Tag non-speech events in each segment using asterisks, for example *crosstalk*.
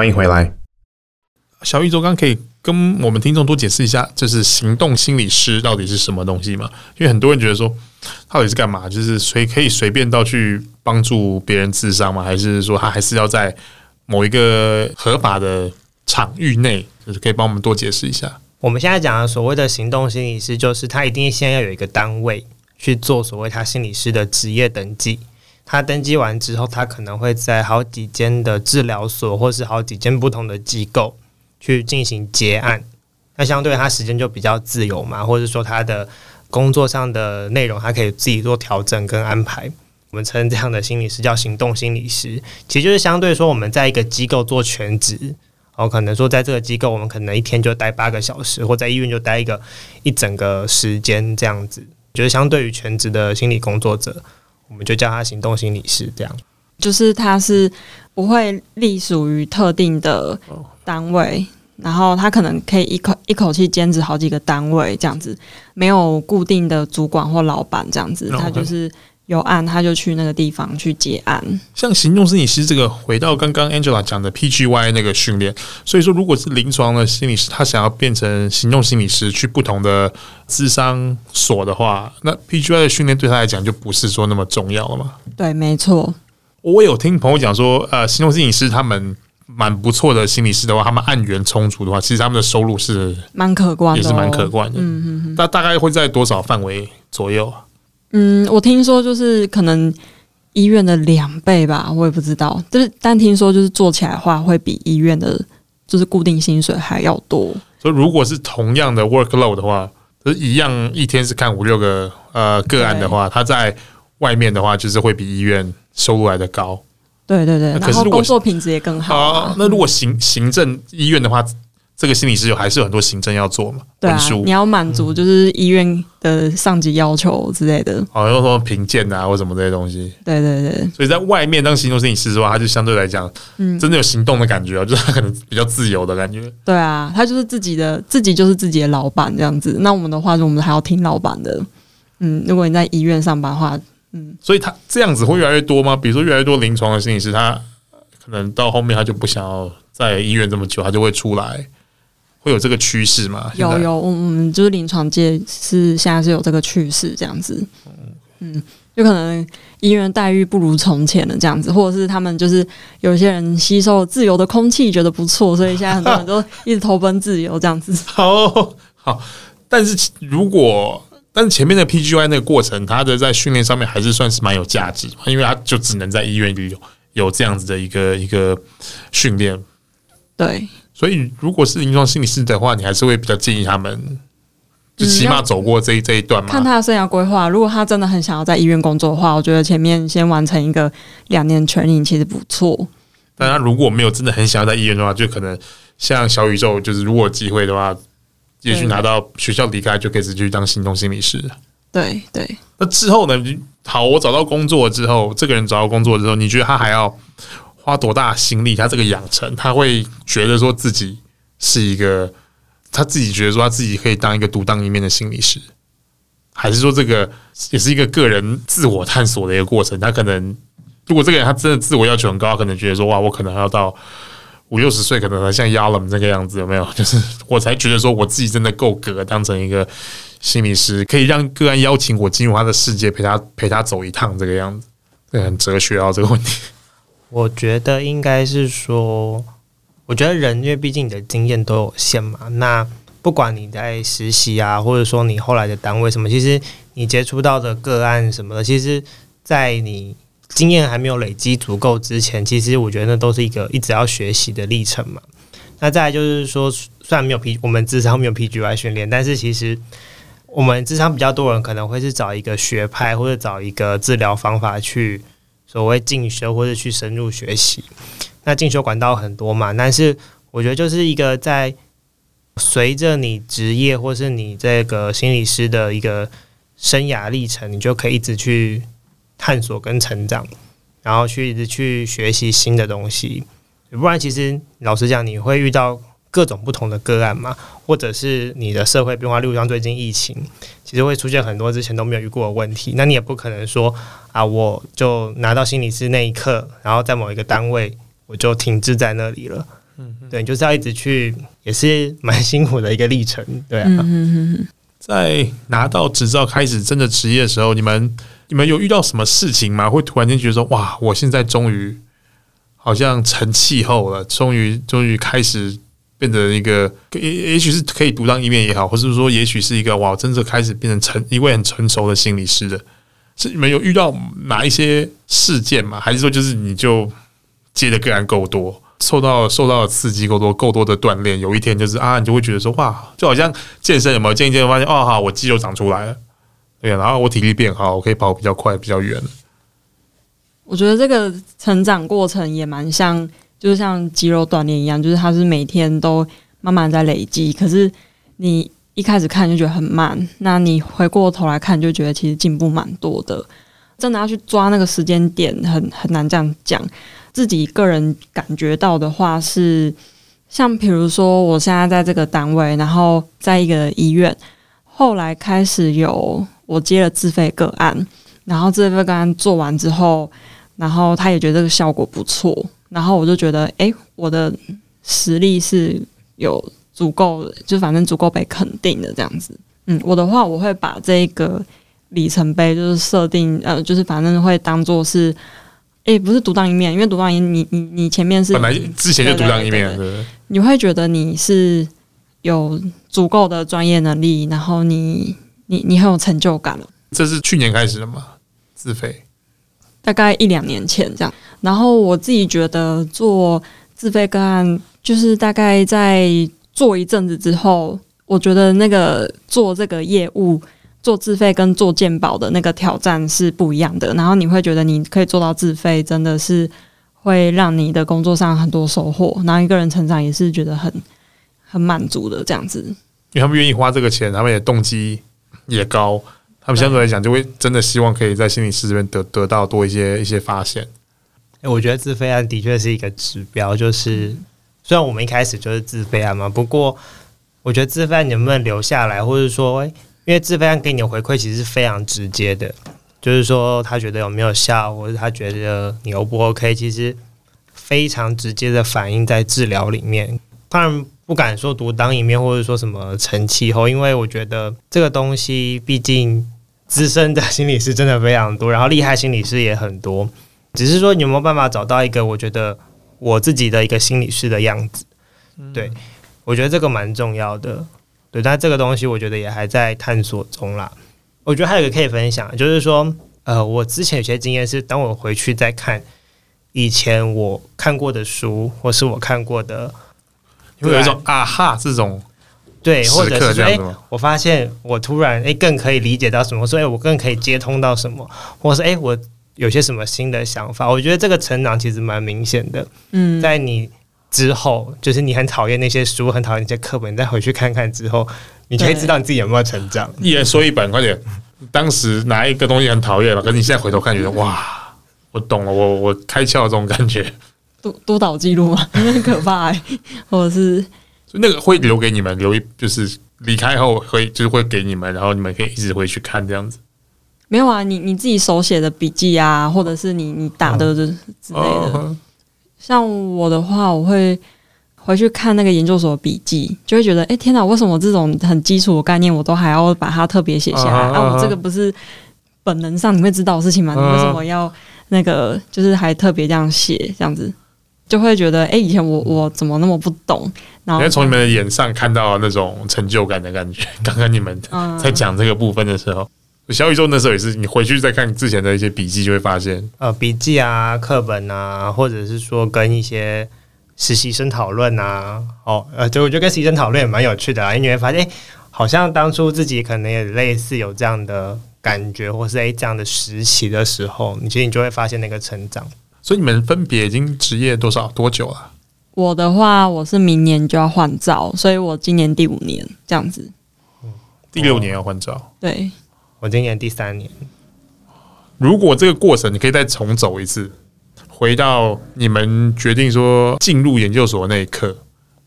歡迎回來，小宇宙，剛可以跟我們聽眾多解釋一下，就是行動心理師到底是什麼東西嗎？因為很多人覺得說，到底是幹嘛？就是隨可以隨便到去幫助別人自殺嗎？還是說他還是要在某一個合法的場域內？就是可以幫我們多解釋一下。我們現在講的所謂的行動心理師，就是他一定先要有一個單位去做所謂他心理師的執業登記。他登記完之後，他可能會在好幾間的治療所，或是好幾間不同的機構去進行接案。那相對他時間就比較自由嘛，或者說他的工作上的內容，他可以自己做調整跟安排。我們稱這樣的心理師叫行動心理師，其實就是相對說我們在一個機構做全職，哦，可能說在這個機構我們可能一天就待八個小時，或在醫院就待一個一整個時間這樣子。就是相對於全職的心理工作者。我們就叫他行動心理師，這樣，就是他是不會隸屬於特定的單位，Oh. 然後他可能可以一口一口氣兼職好幾個單位，這樣子，沒有固定的主管或老闆，這樣子，No. 他就是。有案，他就去那個地方去接案。像行動心理師這個，回到剛剛 Angela 講的 PGY 那個訓練。所以說，如果是臨床的心理師，他想要變成行動心理師，去不同的諮商所的話，那 PGY 的訓練對他來講就不是說那麼重要了嘛？對，沒錯。我有聽朋友講說，呃，行動心理師他們蠻不錯的心理師的話，他們案源充足的話，其實他們的收入是蠻可觀，也是蠻可觀的。觀的，嗯嗯嗯。那大概會在多少範圍左右啊？嗯，我聽說就是可能醫院的兩倍吧，我也不知道。就是但聽說就是做起來的話，會比醫院的，就是固定薪水還要多。所以如果是同樣的 workload 的話，就是一樣一天是看五六個呃個案的話，他對在外面的話就是會比醫院收入來的高。對對對，然後工作品質也更好。啊，那如果行行政醫院的話。這個心理師有還是有很多行政要做嘛？對、啊、文書，你要滿足就是醫院的上級要求之類的。好像、嗯哦、什麼評鑑啊，或什麼這些東西。對對對。所以在外面當行動心理師的話，他就相對來講，嗯，真的有行動的感覺，就是他可能比較自由的感覺。對啊，他就是自己的，自己就是自己的老板這樣子。那我們的話，我們還要聽老板的。嗯，如果你在醫院上班的話，嗯。所以他這樣子會越來越多嗎？比如說越來越多臨床的心理師，他可能到後面他就不想要在醫院這麼久，他就會出來。會有這個趨勢嗎？有有，我們就是臨床界是現在是有這個趨勢這樣子，嗯，有可能醫院待遇不如從前的這樣子，或者是他們就是有些人吸收自由的空氣覺得不錯，所以現在很多人都一直投奔自由這樣子。哦， *laughs* 好，但是如果但是前面的 PGY 那個過程，他的在訓練上面還是算是蠻有價值，因為他就只能在醫院裡有有這樣子的一個一個訓練，對。所以，如果是臨床心理師的話，你還是會比較建議他們，就起碼走過這一、嗯、這一段嘛。看他的生涯規劃，如果他真的很想要在醫院工作的話，我覺得前面先完成一個兩年 training 其實不錯。嗯、但他如果沒有真的很想要在醫院的話，就可能像小宇宙，就是如果有機會的話，也許拿到學校離開就可以直接去當行動心理師。對對。對那之後呢？好，我找到工作之後，這個人找到工作之後，你覺得他還要？花多大的心力？他這個養成，他會覺得說自己是一個，他自己覺得說他自己可以當一個獨當一面的心理師，還是說這個也是一個個人自我探索的一個過程？他可能，如果這個人他真的自我要求很高，可能覺得說，哇，我可能還要到五六十歲，可能像亞隆這個樣子，有沒有？就是我才覺得說，我自己真的夠格當成一個心理師，可以讓個案邀請我進入他的世界，陪他陪他走一趟，這個樣子，很哲學啊、哦，這個問題。我覺得應該是說，我覺得人因為畢竟你的經驗都有限嘛，那不管你在實習啊，或者說你後來的單位什麼，其實你接觸到的個案什麼的，其實，在你經驗還沒有累積足夠之前，其實我覺得那都是一個一直要學習的歷程嘛。那再來就是說，雖然沒有 PG，我們諮商沒有 PGY 訓練，但是其實我們諮商比較多人可能會是找一個學派或者找一個治療方法去。所謂進修或者去深入學習，那進修管道，很多嘛。但是我覺得就是一個在隨着你職業或是你這個心理師的一個生涯歷程，你就可以一直去探索跟成長，然後去一直去學習新的東西。不然，其實老實講，你會遇到。各種不同的個案嘛，或者是你的社會變化，例如像最近疫情，其實會出現很多之前都沒有遇過的問題。那你也不可能說啊，我就拿到心理師那一刻，然後在某一個單位我就停滯在那裡了。嗯哼，對，就是要一直去，也是蠻辛苦的一個歷程。對啊，嗯哼哼，在拿到執照開始真的執業的時候，你們你們有遇到什麼事情嗎？會突然間覺得說哇，我現在終於好像成氣候了，終於終於開始。變成一個，也也許是可以獨當一面也好，或者是說，也許是一個哇，我真正開始變成成一位很成熟的心理師的，是沒有遇到哪一些事件嘛？還是說，就是你就接的個案夠多，受到了受到的刺激夠多，夠多的鍛鍊，有一天就是啊，你就會覺得說哇，就好像健身有沒有漸漸發現哦，好，我肌肉長出來了，對呀，然後我體力變好，我可以跑比較快，比較遠。我覺得這個成長過程也蠻像。就是像肌肉鍛鍊一樣，就是它是每天都慢慢在累積。可是你一開始看就覺得很慢，那你回過頭來看就覺得其實進步蠻多的。真的要去抓那個時間點，很很難這樣講。自己個人感覺到的話是，像比如說我現在在這個單位，然後在一個醫院，後來開始有我接了自費個案，然後自費個案做完之後，然後他也覺得這個效果不錯。然後我就覺得，哎，我的實力是有足夠的，就反正足夠被肯定的這樣子。嗯，我的話，我會把這個里程碑就是設定，呃，就是反正會當做是，哎，不是獨當一面，因為獨當一面，你你你前面是，本來之前就獨當一面，對，對。對對，你會覺得你是有足夠的專業能力，然後你你你很有成就感。這是去年開始的嗎？自費。大概一兩年前這樣，然後我自己覺得做自費個案，就是大概在做一陣子之後，我覺得那個做這個業務，做自費跟做健保的那個挑戰是不一樣的。然後你會覺得你可以做到自費，真的是會讓你的工作上很多收穫，然後一個人成長也是覺得很很滿足的這樣子。因為他們願意花這個錢，他們也動機也高。他們相對來講，就會真的希望可以在心理師這邊得得到多一些一些發現。誒、欸，我覺得自費案的確是一個指標，就是雖然我們一開始就是自費案嘛，不過我覺得自費案能不能留下來，或者說，誒、欸，因為自費案給你的回饋其實是非常直接的，就是說他覺得有沒有效，或者他覺得你 O 不 OK，其實非常直接的反映在治療裡面。當然。不敢說獨當一面，或者說什麼成氣候，因為我覺得這個東西畢竟資深的心理師真的非常多，然後厲害心理師也很多，只是說你有沒有辦法找到一個我覺得我自己的一個心理師的樣子。嗯。對，我覺得這個蠻重要的。對，但這個東西我覺得也還在探索中啦。我覺得還有一個可以分享，就是說，呃，我之前有些經驗是，當我回去再看以前我看過的書，或是我看過的。會有一種啊哈對這種這，對，或者是哎、欸，我發現我突然誒、欸、更可以理解到什麼，所以、欸、我更可以接通到什麼，或者是誒、欸、我有些什麼新的想法。我覺得這個成長其實蠻明顯的。在你之後，就是你很討厭那些書，很討厭那些課本，你再回去看看之後，你可以知道你自己有沒有成長。對一人說一本快點，當時哪一個東西很討厭了，可是你現在回頭看覺得哇，我懂了，我我開竅這種感覺。督督導記錄嗎？ *laughs* 很可怕欸，或者是，那個會留給你們，留就是離開後會就是會給你們，然後你們可以一直回去看這樣子。沒有啊，你你自己手寫的筆記啊，或者是你你打的這之類的。像我的話，我會回去看那個研究所筆記，就會覺得，哎，欸，天哪，為什麼這種很基礎的概念，我都還要把它特別寫下來？啊，我這個不是本能上你會知道的事情嗎？你為什麼要那個就是還特別這樣寫這樣子？就會覺得，哎、欸，以前我我怎麼那麼不懂？然後從你們的眼上看到那種成就感的感覺。剛剛你們在講這個部分的時候，嗯、小宇宙那時候也是，你回去再看之前的一些筆記，就會發現，呃，筆記啊、課本啊，或者是說跟一些實習生討論啊，哦，呃，就我覺得跟實習生討論也蠻有趣的啊。因為你會發現，哎、欸，好像當初自己可能也類似有這樣的感覺，或是哎、欸、這樣的實習的時候，你其實你就會發現那個成長。所以你們分別已經執業多少多久了？我的話，我是明年就要換照，所以我今年第五年這樣子，哦，第六年要換照。對，我今年第三年。如果這個過程你可以再重走一次，回到你們決定說進入研究所那一刻，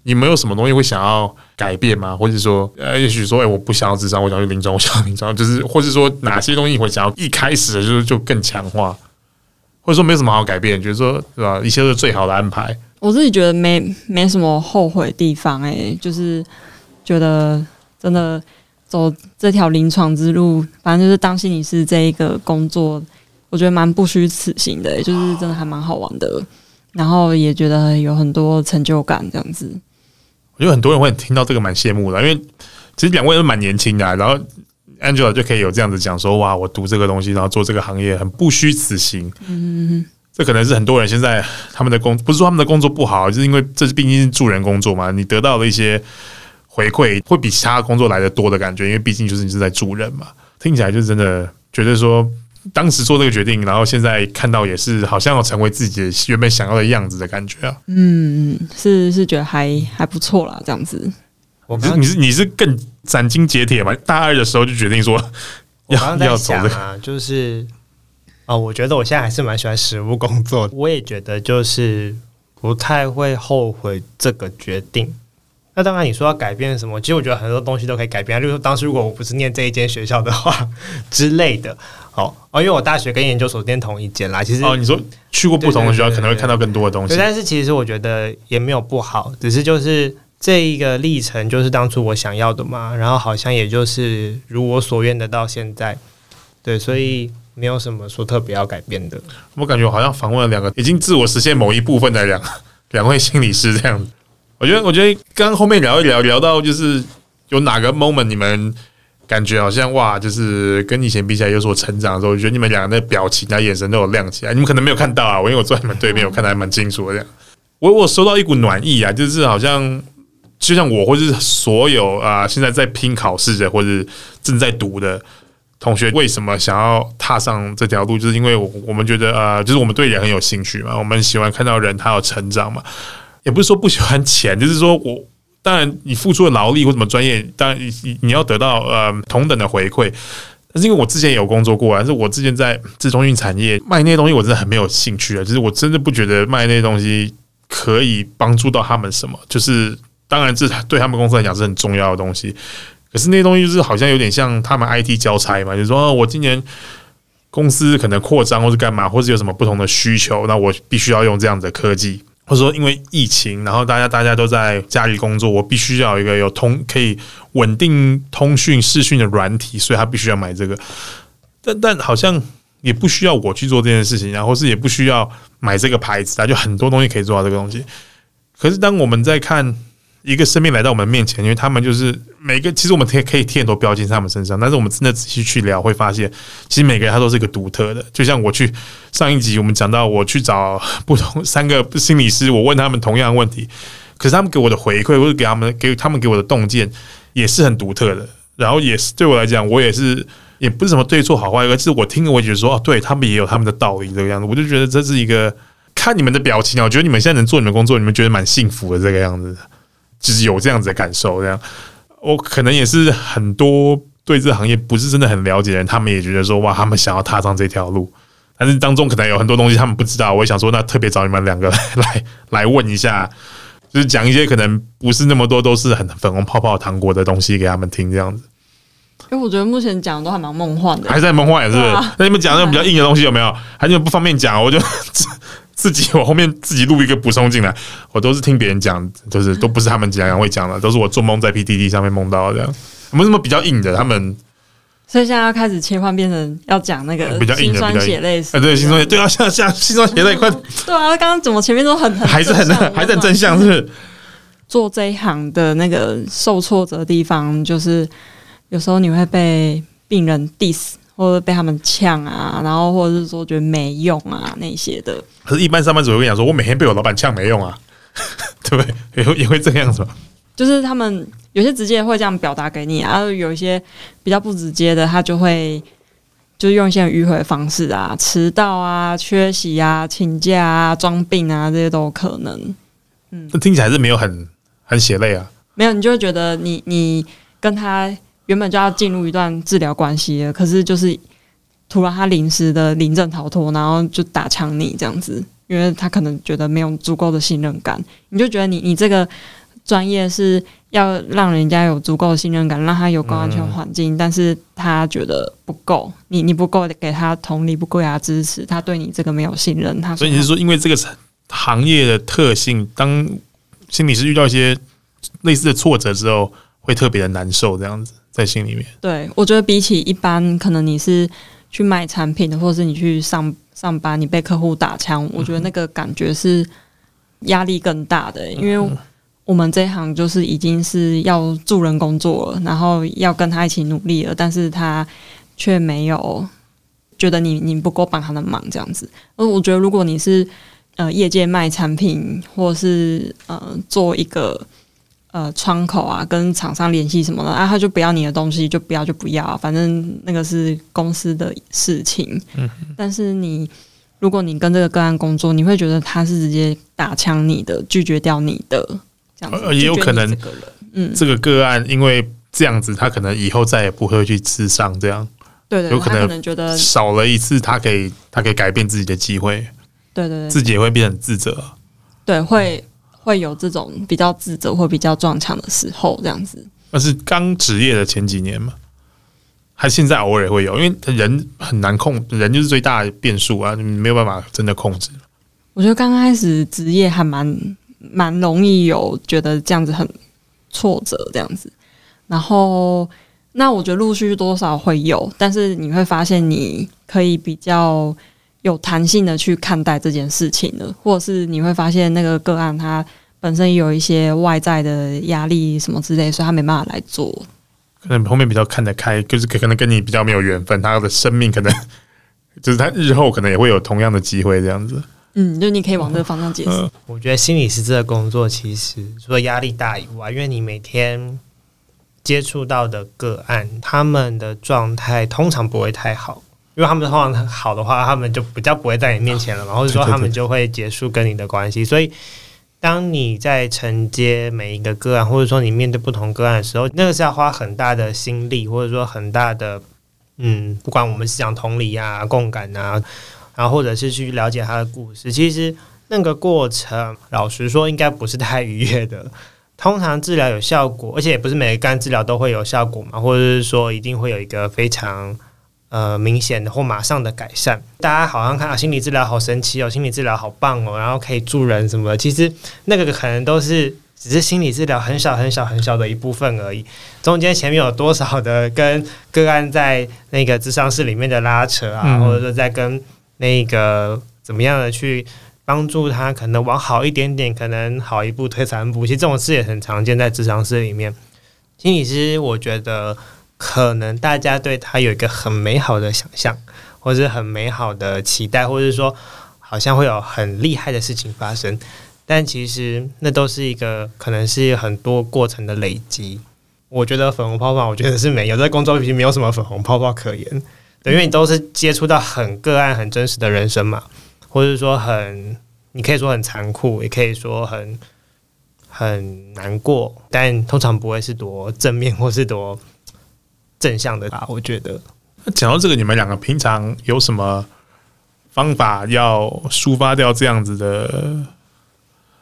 你們有什麼東西會想要改變嗎？或者說，呃，也許說，誒、欸，我不想要諮商，我想去臨床，我想要臨床，就是，或者說哪些東西會想要一開始的時候就更強化？或者說沒什麼好改變，覺得說對吧、啊？一切都是最好的安排。我自己覺得沒沒什麼後悔的地方哎、欸，就是覺得真的走這條臨床之路，反正就是當心理師這一個工作，我覺得蠻不虛此行的、欸，就是真的還蠻好玩的，然後也覺得有很多成就感這樣子。我覺得很多人會聽到這個蠻羨慕的，因為其實兩位都蠻年輕的、啊，然後。Angela 就可以有這樣子講說：“哇，我讀這個東西，然後做這個行業，很不虛此行。”嗯，這可能是很多人現在他們的工，不是說他們的工作不好，就是因為這是畢竟是助人工作嘛，你得到了一些回饋，會比其他工作來得多的感覺。因為畢竟就是你是在助人嘛，聽起來就是真的覺得說，當時做這個決定，然後現在看到也是好像要成為自己原本想要的樣子的感覺啊。嗯，是是覺得還還不錯啦，這樣子。我剛剛你是你是，你是更斬釘截鐵吧？大二的時候就決定說要我剛剛、啊、要走了、這個。就是哦，我覺得我現在還是蠻喜歡實務工作的，我也覺得就是不太會後悔這個決定。那當然你說要改變什麼，其實我覺得很多東西都可以改變、啊，就是當時如果我不是念這一間學校的話之類的，好哦，因為我大學跟研究所念同一間啦。其實哦，你說去過不同的學校可能會看到更多的東西，對對對對對，但是其實我覺得也沒有不好，只是就是。這一個歷程就是當初我想要的嘛，然後好像也就是如我所願的到現在，對，所以沒有什麼說特別要改變的。我感覺我好像訪問了兩個已經自我實現某一部分的兩兩位心理師這樣子。我覺得，我覺得剛剛後面聊一聊，聊到就是有哪個 moment，你們感覺好像哇，就是跟以前比起來有所成長的時候，我覺得你們兩個的表情啊、眼神都有亮起來。你們可能沒有看到啊，我因為我坐在你們對面，嗯、我看得還蠻清楚的。這樣，我我收到一股暖意啊，就是好像。就像我或者是所有啊、呃，現在在拼考試的或者是正在讀的同學，為什麼想要踏上這條路？就是因為我我們覺得啊、呃，就是我們對人很有興趣嘛，我們喜歡看到人他有成長嘛。也不是說不喜歡錢，就是說我當然你付出的勞力或什麼專業，當然你要得到呃同等的回饋。但是因為我之前也有工作過，還是我之前在資通訊產業賣那些東西，我真的很沒有興趣啊。就是我真的不覺得賣那些東西可以幫助到他們什麼，就是。當然，這對他們公司來講是很重要的東西。可是那些東西就是好像有點像他們 IT 交差嘛，就是說我今年公司可能擴張或是幹嘛，或是有什麼不同的需求，那我必須要用這樣的科技，或者說因為疫情，然後大家大家都在家裡工作，我必須要有一個有通可以穩定通訊視訊的軟體，所以他必須要買這個。但但好像也不需要我去做這件事情，然後是也不需要買這個牌子，他就很多東西可以做到這個東西。可是當我們在看。一個生命來到我們面前，因為他們就是每個，其實我們貼可以貼很多標籤在他們身上，但是我們真的仔細去聊，會發現其實每個人他都是一個獨特的。就像我去上一集我們講到，我去找不同三個心理師，我問他們同樣的問題，可是他們給我的回饋或者給他們給他們給我的洞見也是很獨特的。然後也是對我來講，我也是也不是什麼對錯好壞，而是我聽我覺得說哦，對，他們也有他們的道理這個樣子，我就覺得這是一個看你們的表情啊，我覺得你們現在能做你們工作，你們覺得蠻幸福的這個樣子。就是有這樣子的感受，這樣我可能也是很多對這個行業不是真的很了解的人，他們也覺得說哇，他們想要踏上這條路，但是當中可能有很多東西他們不知道。我也想說，那特別找你們兩個來來,來問一下，就是講一些可能不是那麼多都是很粉紅泡泡糖果的東西給他們聽這樣子。欸，因為我覺得目前講的都還蠻夢幻的，嗯，還在夢幻是不是？那你們講那種比較硬的東西有沒有？還是不方便講？我就。 *laughs* 自己我後面自己錄一個補充進來，我都是聽別人講，就是都不是他們講講會講的，都是我做夢在 PDD 上面夢到的這樣。沒什麼比較硬的，他們。所以現在要開始切換，變成要講那個、嗯、比較硬的。酸血淚、啊。對，心酸血對啊，像像，像心酸血淚快。 *laughs* 對啊，剛剛怎麼前面都很，很還是很有有還在正向是是？做這一行的那個受挫折的地方，就是有時候你會被病人 diss。或者被他們嗆啊，然後或者是說覺得沒用啊那些的。可是，一般上班族會講說，我每天被我老板嗆沒用啊， *laughs* 對不對？也會也會這樣子吧？就是他們有些直接會這樣表達給你，然後有一些比較不直接的，他就會就是用一些迂回的方式啊，遲到啊、缺席啊、請假啊、裝病啊，這些都有可能。嗯，聽起來是沒有很很血淚啊，沒有，你就會覺得你你跟他。原本就要進入一段治療關係了，可是就是突然他臨時的臨陣逃脫，然後就打槍你這樣子，因為他可能覺得沒有足夠的信任感，你就覺得你你這個專業是要讓人家有足夠的信任感，讓他有個安全環境，嗯、但是他覺得不夠，你你不夠給他同理，不夠給他支持，他對你這個沒有信任，他，他所以你是說，因為這個行業的特性，當心理師遇到一些類似的挫折之後。會特別的難受，這樣子在心裡面。對，我覺得比起一般，可能你是去賣產品的，或者是你去上上班，你被客戶打槍，我覺得那個感覺是壓力更大的欸，嗯哼。因為我們這一行就是已經是要助人工作了，然後要跟他一起努力了，但是他卻沒有覺得你你不夠幫他的忙這樣子。而我覺得如果你是呃，業界賣產品，或是呃，做一個。呃，窗口啊，跟廠商聯繫什麼的啊，他就不要你的東西，就不要就不要啊，反正那個是公司的事情。嗯哼。但是你，如果你跟這個個案工作，你會覺得他是直接打槍你的，拒絕掉你的這樣子。也有可能，嗯，這個個案因為這樣子，他可能以後再也不會去吃上這樣。對，對對。有可能覺得少了一次，他可以他可以改變自己的機會。對對對對。自己也會變成自責。對，會。嗯會有這種比較自責或比較撞牆的時候，這樣子。那是剛執業的前幾年嘛，還現在偶爾會有，因為人很難控，人就是最大的變數啊，你沒有辦法真的控制。我覺得剛開始執業還蠻蠻容易有覺得這樣子很挫折，這樣子。然後那我覺得陸續多少會有，但是你會發現你可以比較。有彈性的去看待這件事情的，或者是你會發現那個個案它本身有一些外在的壓力什麼之類，所以他沒辦法來做。可能後面比較看得開，就是可能跟你比較沒有緣分，他的生命可能，只、就是他日後可能也會有同樣的機會這樣子。嗯，就你可以往這個方向解釋。嗯，我覺得心理師這個工作其實除了壓力大以外，因為你每天接觸到的個案，他們的狀態通常不會太好。因為他們通常好的話，他們就比較不會在你面前了嘛，或者說他們就會結束跟你的關係。對對對對，所以，當你在承接每一個個案，或者說你面對不同個案的時候，那個是要花很大的心力，或者說很大的，嗯，不管我們是講同理啊、共感啊，然後或者是去了解他的故事，其實那個過程，老實說，應該不是太愉悅的。通常治療有效果，而且也不是每個個案治療都會有效果嘛，或者是說一定會有一個非常。呃，明顯的或馬上的改善，大家好像看到、啊、心理治療好神奇哦，心理治療好棒哦，然後可以助人什麼？其實那個可能都是只是心理治療很小很小很小的一部分而已。中間前面有多少的跟個案在那個諮商室裡面的拉扯啊，嗯、或者說在跟那個怎麼樣的去幫助他，可能往好一點點，可能好一步退三步，其實這種事也很常見在諮商室裡面。心理師，我覺得。可能大家對他有一個很美好的想象，或者是很美好的期待，或者說好像會有很厲害的事情發生，但其實那都是一個可能是很多過程的累積。我覺得粉紅泡泡，我覺得是沒有在工作，畢竟沒有什麼粉紅泡泡可言。對，因為你都是接觸到很個案、很真實的人生嘛，或者說很，你可以說很殘酷，也可以說很很難過，但通常不會是多正面，或是多。正向的吧，我覺得。那講到這個，你們兩個平常有什麼方法要抒發掉這樣子的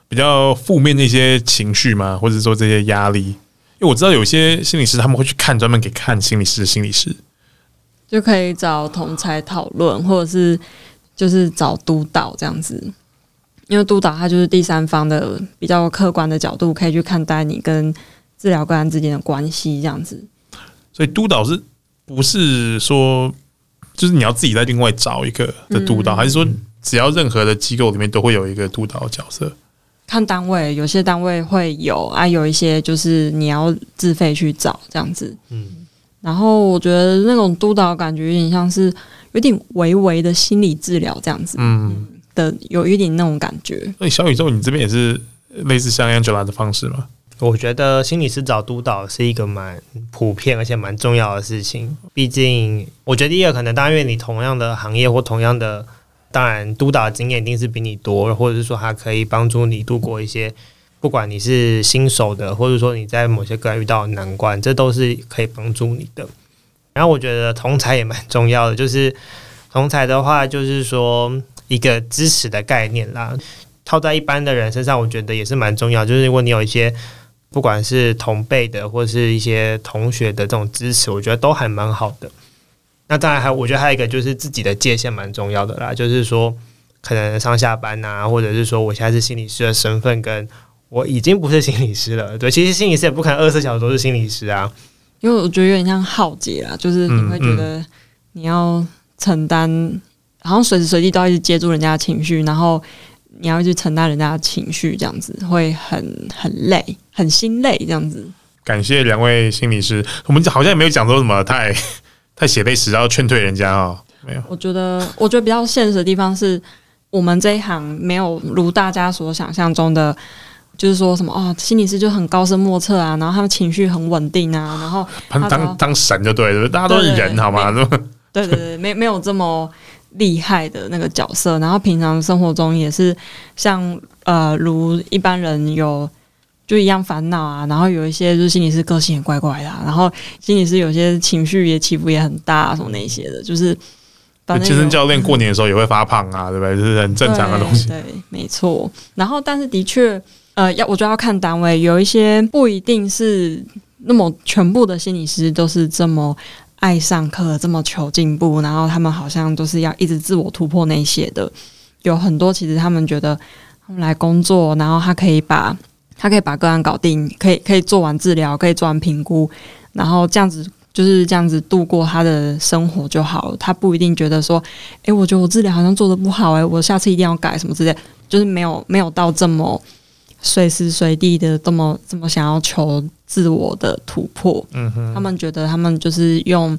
比較負面的一些情緒嗎？或者說這些壓力？因為我知道有一些心理師他們會去看專門給看心理師的心理師，就可以找同儕討論，或者是就是找督導這樣子。因為督導他就是第三方的比較客觀的角度，可以去看待你跟治療個案之間的關係這樣子。所以督導是不是說，就是你要自己在另外找一個的督導，嗯、還是說只要任何的機構裡面都會有一個督導角色？看單位，有些單位會有啊，有一些就是你要自費去找這樣子。嗯。然後我覺得那種督導感覺有點像是有點微微的心理治療這樣子，嗯的有一點那種感覺。所以小宇宙，你這邊也是類似像 Angela 的方式嗎？我覺得心理師找督導是一個蠻普遍而且蠻重要的事情。畢竟，我覺得第一個可能，當然你同樣的行業或同樣的，當然督導的經驗一定是比你多，或者是說他可以幫助你度過一些，不管你是新手的，或者說你在某些個人遇到的難關，這都是可以幫助你的。然後我覺得同儕也蠻重要的，就是同儕的話，就是說一個知識的概念啦，套在一般的人身上，我覺得也是蠻重要。就是如果你有一些不管是同輩的或是一些同學的這種支持，我覺得都還蠻好的。那當然還，我覺得還有一個就是自己的界限蠻重要的啦。就是說，可能上下班吶、啊，或者是說我現在是心理師的身份，跟我已經不是心理師了。對，其實心理師也不可能二十四小時都是心理師啊。因為我覺得有點像浩劫啊，就是你會覺得你要承擔，嗯嗯、好像隨時隨地都要去接住人家的情緒，然後你要去承擔人家的情緒，這樣子會很很累。很心累，這樣子。感謝兩位心理師，我們好像也沒有講說什麼太太寫背時要勸退人家哦。沒有，我覺得我覺得比較現實的地方是我們這一行沒有如大家所想象中的，就是說什麼哦，心理師就很高深莫測啊，然後他們情緒很穩定啊，然後他當當神就對了。大家都是人好嗎？對對對，沒有沒有這麼厲害的那個角色。然後平常生活中也是像呃，如一般人有。就一樣煩惱啊，然後有一些就是心理師個性也怪怪的啊，然後心理師有些情緒也起伏也很大啊，什麼那些的，就是。當健身教練過年的時候也會發胖啊，對不對？就是很正常的東西。對，對，沒錯。然後，但是的確，呃，要我覺得要看單位，有一些不一定是那麼全部的心理師都是這麼愛上課、這麼求進步，然後他們好像都是要一直自我突破那些的。有很多其實他們覺得他們來工作，然後他可以把。他可以把個案搞定，可以可以做完治療，可以做完評估，然後這樣子就是這樣子度過他的生活就好了。他不一定覺得說，哎、欸，我覺得我治療好像做的不好、欸，哎，我下次一定要改什麼之類，就是沒有沒有到這麼隨時隨地的這麼這麼想要求自我的突破。嗯哼，他們覺得他們就是用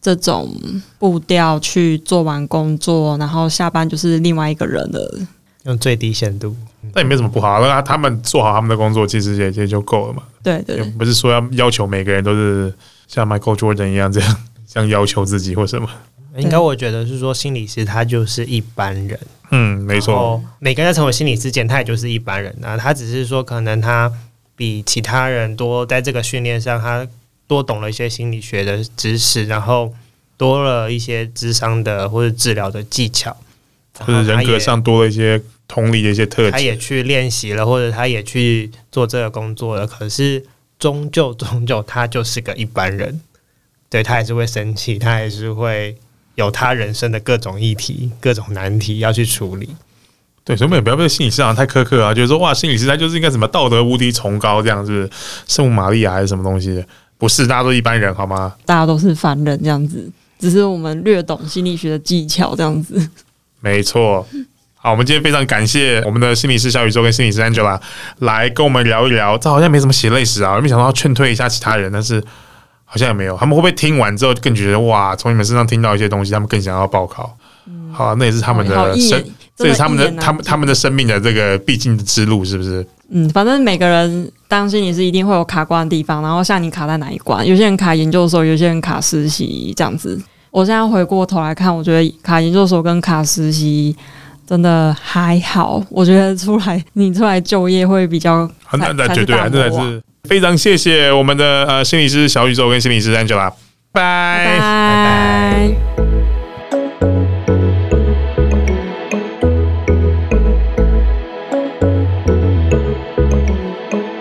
這種步調去做完工作，然後下班就是另外一個人了，用最低限度。那也沒什麼不好，那他們做好他們的工作，其實也也就夠了嘛。對對、對，不是說要要求每個人都是像 Michael Jordan 一樣這樣，這樣要求自己或什麼。應該我覺得是說，心理師他就是一般人。嗯，沒錯。每個人成為心理師，之前他也就是一般人，那他只是說，可能他比其他人多在這個訓練上，他多懂了一些心理學的知識，然後多了一些諮商的或者治療的技巧，或者人格上多了一些。同理的一些特質，他也去練習了，或者他也去做這個工作了，可是終究終究，他就是個一般人。對，他還是會生氣，他還是會有他人生的各種議題、各種難題要去處理。對，所以我們也不要被心理師啊太苛刻啊，覺得說哇，心理師他就是應該什麼道德無敵崇高這樣子，聖母瑪利亞還是什麼東西？不是，大家都一般人好嗎？大家都是凡人，這樣子，只是我們略懂心理學的技巧，這樣子，沒錯。好，我們今天非常感謝我們的心理師小宇宙跟心理師 Angela 來跟我們聊一聊。這好像沒什麼血淚史啊，沒想到要勸退一下其他人，但是好像也沒有。他們會不會聽完之後更覺得哇，從你們身上聽到一些東西，他們更想要報考？嗯、好、啊，那也是他們的生，這也是他們的、他們、他們的生命的這個必經之路，是不是？嗯，反正每個人當心理師一定會有卡關的地方，然後像你卡在哪一關？有些人卡研究所，有些人卡實習這樣子。我現在回過頭來看，我覺得卡研究所跟卡實習。真的還好，我覺得出來你出來就業會比較很難的絕對了，真的是,、啊、是非常謝謝我們的呃心理師小宇宙跟心理師 Angela 拜拜拜。Bye bye bye bye